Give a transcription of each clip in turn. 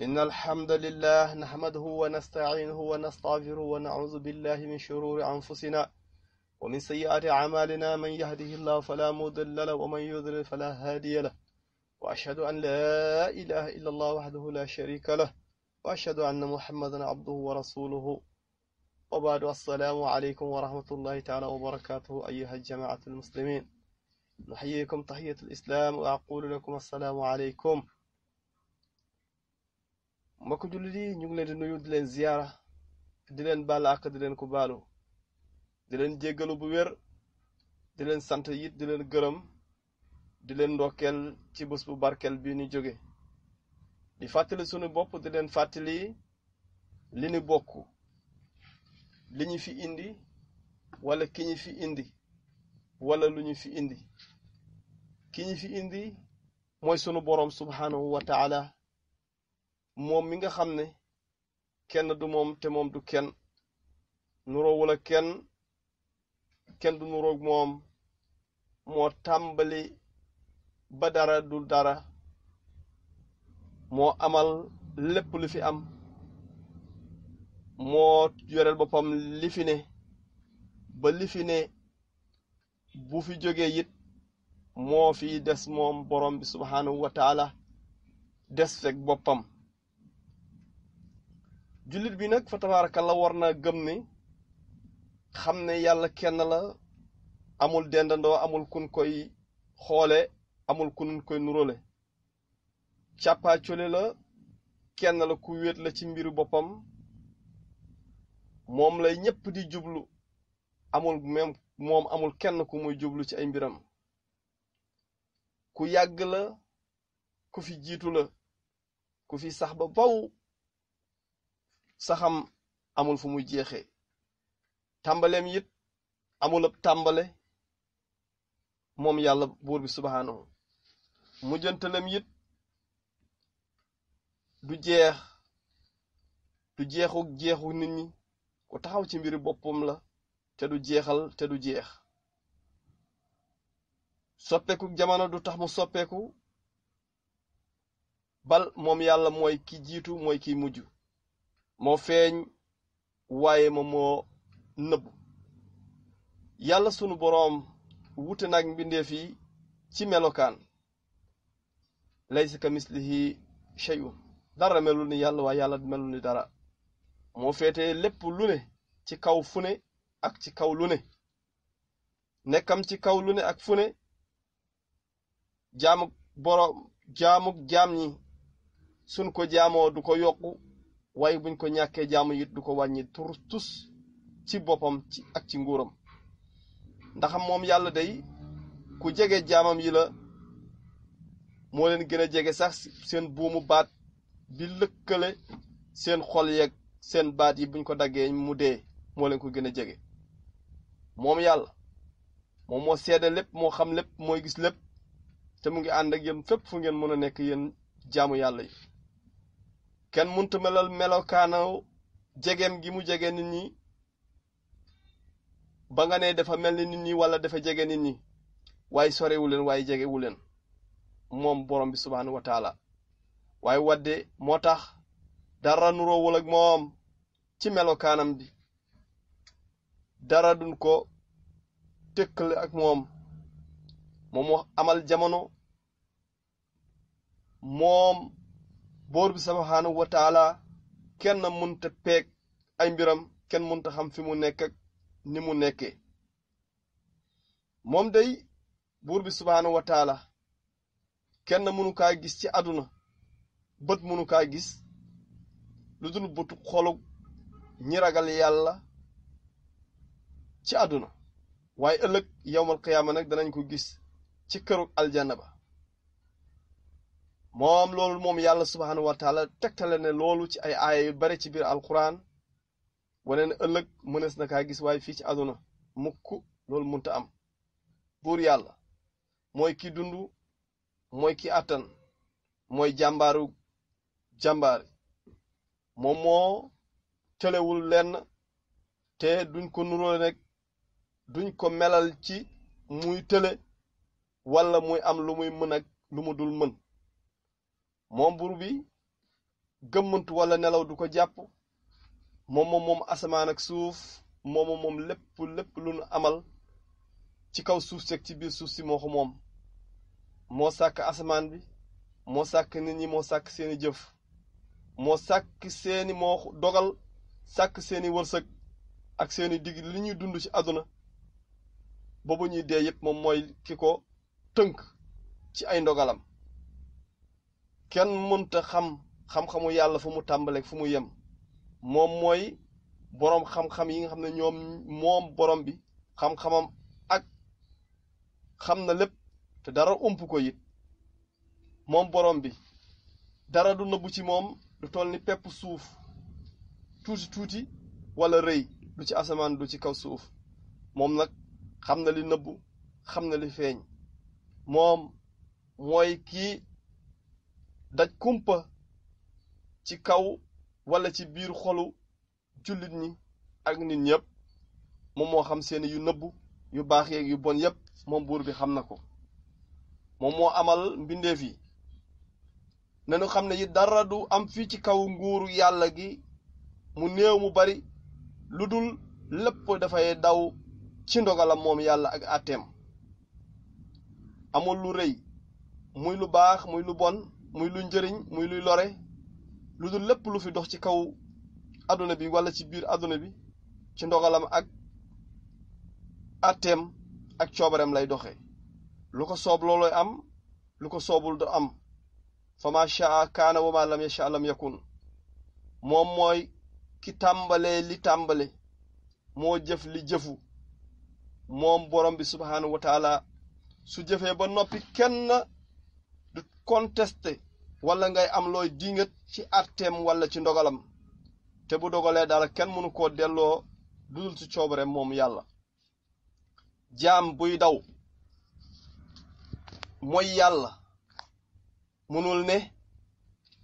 إن الحمد لله نحمده ونستعينه ونستغفره ونعوذ بالله من شرور أنفسنا ومن سيئات أعمالنا من يهده الله فلا مضل له ومن يضلل فلا هادي له وأشهد أن لا إله إلا الله وحده لا شريك له وأشهد أن محمدا عبده ورسوله وبعد السلام عليكم ورحمة الله تعالى وبركاته أيها الجماعة المسلمين نحييكم تحية الإسلام وأقول لكم السلام عليكم mbokk jullit yi ñu ngi leen di nuyu di leen ziyaara di leen baal di leen ko baalu di leen jéggalu bu wér di leen sant it di leen gërëm di leen ndokkeel ci bés bu barkeel bii ñu jóge di fàttali sunu bopp di leen fàttali li ñu bokk li ñu fi indi wala ki ñu fi indi wala lu ñu fi indi ki ñu fi indi mooy sunu boroom subhaanahu wa moom mi nga xam ne kenn du moom te moom du kenn nuroowul ak kenn kenn du nuroog moom moo tàmbali ba dara du dara moo amal lépp lu fi am moo yoreel boppam li ba li fi bu fi jógee it moo fi des moom borom bi subhaanahu wa taala boppam jullit bi nag fa tabaarakalla war na gëm ni xam ne yàlla kenn la amul dendandoo amul kun koy xoole amul kun koy nuróole càppaacole la kenn la ku wéet la ci mbiru boppam moom lay ñépp di jublu amul même moom amul kenn ku muy jublu ci ay mbiram ku yàgg la ku fi jiitu la ku fi sax ba faw saxam amul fu mu jeexee tàmbaleem it amul ab tàmbale moom yàlla buur bi subhaanahu mujjantalem it du jeex du jeexu jeexu nit ñi ku taxaw ci mbiri boppam la te du jeexal te du jeex soppeeku jamono du tax mu soppeeku bal moom yàlla mooy ki jiitu mooy kiy mujj moo feeñ waaye moom moo nëbb yàlla sunu boroom wute nak mbindeef yi ci melokaan laysa ka mislihi shay'un dara melul ni yàlla waaye yàlla melul ni dara moo féete lépp lune ne ci kaw fu ne ak ci kaw lu ne nekkam ci kaw lu ne ak fune ne jaamuk boroom jaamuk ñi sun ko jaamoo du ko yokku waaye buñ ko ñàkkee jaamu it du ko wàññi tur tus ci boppam ci ak ci nguuram ndax moom yàlla day ku jege jaamam yi la moo leen gën a jege sax seen buumu baat bi lëkkale seen xol yeeg seen baat yi buñ ko daggee mu dee moo leen ko gën a jege moom yàlla moom moo seede lépp moo xam lépp mooy gis lépp te mu ngi ànd ak yenn fépp fu ngeen mën a nekk yéen jaamu yàlla yi kenn mënta melal melokaanaw jegeem gi mu jege nit ñi ba nga ne dafa mel ni nit ñi wala dafa jege nit ñi waaye sorewu leen waaye jegewu moom borom bi subhaanahu wa taala waaye wadde moo tax dara nuroowul ak moom ci melokaanam bi dara duñ ko tëkkale ak moom moom moo jamono moom boor bi subhaanahu wa kenn mënta peeg ay mbiram kenn mënta xam fi mu nekk ni mu nekkee moom day buur bi subhaanahu wa taala kenn mënu kaa gis ci àdduna bët mënu kaa gis lu dul bëtu xolu ñi ragal yàlla ci àdduna waaye ëllëg yowmal qiyaama nag danañ ko gis ci këru aljanna ba moom loolu moom yàlla subhaanahu wa taala tegtale ne loolu ci ay aaya yu bare ci biir alquran wane ne ëllëg mënees na kaa gis waaye fii ci àdduna mukk loolu munta am buur yàlla mooy ki dundu mooy ki àttan mooy jàmbaaru jàmbaari moom moo tëlewul lenn te duñ ko nuróole nag duñ ko melal ci muy tële walla muy am lu muy mën ak lu mu mën moom buur bi gëmmantu wala nelaw du ko jàpp moom moom asamaan ak suuf moom moom lépp lépp lu nu amal ci kaw suuf seeg ci biir suuf si moo moom moo sàkk asamaan bi moo sàkk nit ñi moo sàkk seeni jëf moo sàkk seeni moo dogal sàkk seeni wërsëg ak seeni digg li ñuy dund ci àdduna boobu ñuy dee yépp moom mooy ki ko tënk ci ay ndogalam kenn mënta xam xam-xamu yàlla fu mu tàmbaleeg fu mu yem moom mooy boroom xam-xam yi nga xam ne ñoom moom borom bi xam-xamam ak xam na lépp te dara ump ko it moom borom bi dara du nëbbu ci moom lu toll ni pepp suuf tuuti tuuti walla rëy du ci asamaan du ci kaw suuf moom nag xam na li nëbbu xam na li feeñ moom mooy kii daj kumpa ci kaw wala ci biir xolu jullit ñi ak nit ñëpp moom moo xam seeni yu nëbbu yu baax yee yu bon yépp moom buur bi xam na ko moom moo amal mbindeef yi nañu xam ne yi dara du am fii ci kaw nguur yàlla gi mu néew mu bari lu dul lépp dafay daw ci ndogalam moom yàlla ak àtteem amul lu rëy muy lu baax muy lu bon muy luy njëriñ muy luy lore lu dul lépp lu fi dox ci kaw àdduna bi wala ci biir àdduna bi ci ndogalam ak àtteem ak coobareem lay doxee lu ko soob loolooy am lu ko soobul du am fa ma shaa kaana wa ma lam yasha lam yakun moom mooy ki tàmbalee li tàmbale moo jëf li jëfu moom borom bi subhaanahu su jëfee ba noppi kenn contesté walla ngay am looy dingat ci arteem wala ci ndogalam te bu dogalee dara kenn mënu koo delloo dudul ci coobare moom yàlla jaam buy daw mooy yàlla mënul ne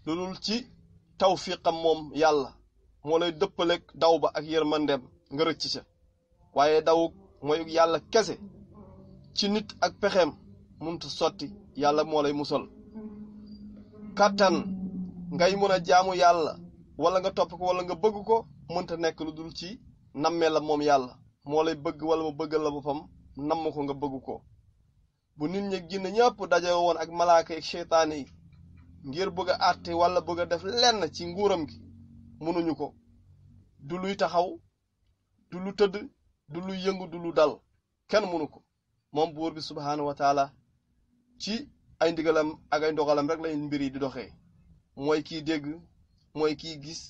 lu dul ci tawfiqam moom yàlla moo lay dëppaleeg daw ba ak yërmandeem nga rëcc ca waaye daw mooy yàlla kese ci nit ak pexeem mënta sotti yàlla moo lay musal kàttan ngay mën a jaamu yàlla wala nga topp ko wala nga bëgg ko mënta nekk lu dul ci nammee la moom yàlla moo lay bëgg wala mu bëggal la boppam namm ko nga bëgg ko bu nit ñi jinne ñëpp daje woon ak malaaka ak seytaane ngir bëgg a àtte wala bëgg a def lenn ci nguuram gi mënuñu ko du luy taxaw dulu tëdd du lu yëngu du dal kenn mënu ko moom buur bi subhaanahu ci ay ndigalam ak ay rek lay mbir yi di doxe mooy kiy dégg mooy kiy gis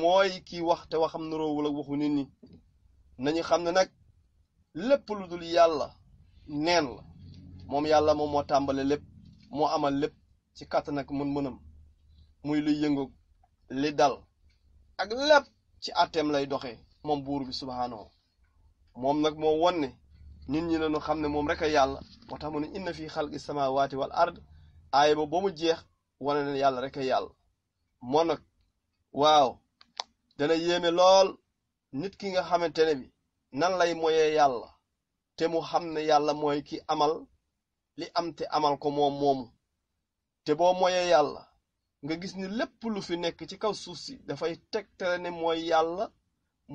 mooy kiy wax te waxam nuroowul ak waxu nit ñi nañu xam ne nag lépp lu dul yàlla neen la moom yàlla moom moo tàmbale lépp moo amal lépp ci kàttan ak mën-mënam muy luy yëngoog li dal ak lépp ci àtteem lay doxe moom buur bi subhaanahu moom nag moo won nit ñi lañu xam ne moom rek yàlla moo tax mu ne inna fi sama samawaati wal ard aaya ba ba mu jeex wane ne yàlla rek a yàlla moo nag waaw dana yéeme lool nit ki nga xamante ne bi nan lay moyee yàlla te mu xam ne yàlla mooy ki amal li am te amal ko moom moomu te boo moyee yàlla nga gis ni lépp lu fi nekk ci kaw suuf si dafay tegtale ne mooy yàlla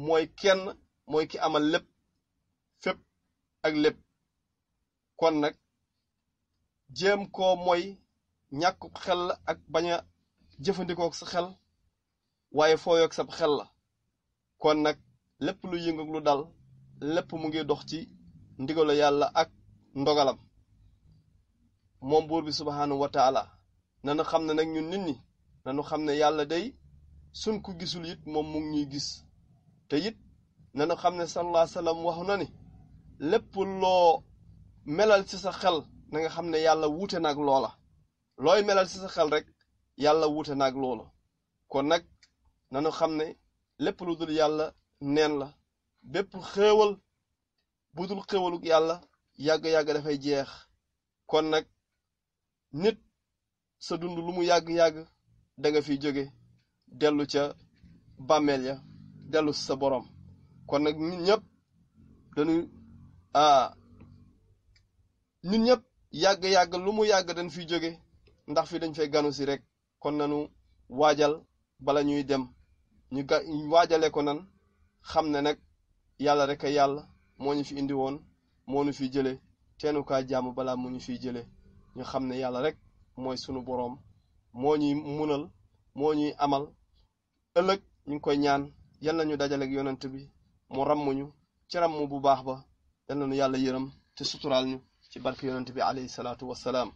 mooy kenn mooy ki amal lépp fépp ak lépp kon nag jéem koo mooy ñàkk xel ak bañ a jëfandikoo sa xel waaye fooyoog sab xel la kon nag lépp lu yëngu lu dal lépp mu ngi dox ci ndigalu yàlla ak ndogalam moom buur bi subhaanahu wa taala xam ne nag ñun nit ñi nanu xam ne yàlla day suñ ko gisul it moom mu ngi ñuy gis te it nanu xam ne sallallahu alayhi wax na ni lépp loo melal ci sa xel na nga xam ne yàlla wuute nag loola looy melal ci sa xel rek yàlla wuute nag loola kon nag nanu xam ne lépp lu dul yàlla neen la bépp xéewal bu dul xéewaluk yàlla yàgg-yàgg dafay jeex kon nag nit sa dund lu mu yàgg-yàgg danga fi jóge dellu ca bàmmeel ya dellu sa boroom kon nag nit ñëpp Ah. ñun ñëpp yàgg-yàgg lu mu yàgg dañ fiy jóge ndax fi dañ fay ganu si rek kon nanu waajal bala ñuy dem ñu ga waajale ko nan xam ne nag yàlla rek a yàlla moo ñu fi indiwoon woon moo ñu fi jële teenu kaa jàmm balaa mu ñu fi jële ñu xam ne yàlla rek mooy sunu boroom moo ñuy munal moo ñuy amal ëllëg ñu ngi koy ñaan yal ñu dajaleeg yoonant bi mu ràmm ñu ci ràmm bu baax ba yal na nu yàlla yërëm te suturaal ñu ci barke yonent bi alayhi salaatu wa salaam